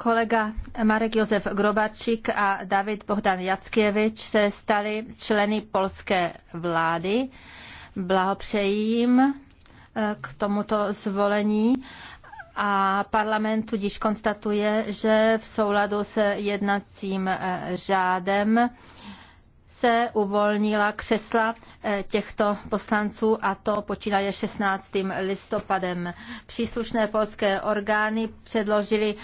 Kolega Marek Josef Grobačík a David Bohdan Jackiewicz se stali členy polské vlády. Blahopřeji jim eh, k tomuto zvolení a parlament tudíž konstatuje, že v souladu s jednacím eh, řádem se uvolnila křesla eh, těchto poslanců a to počínaje 16. listopadem. Příslušné polské orgány předložily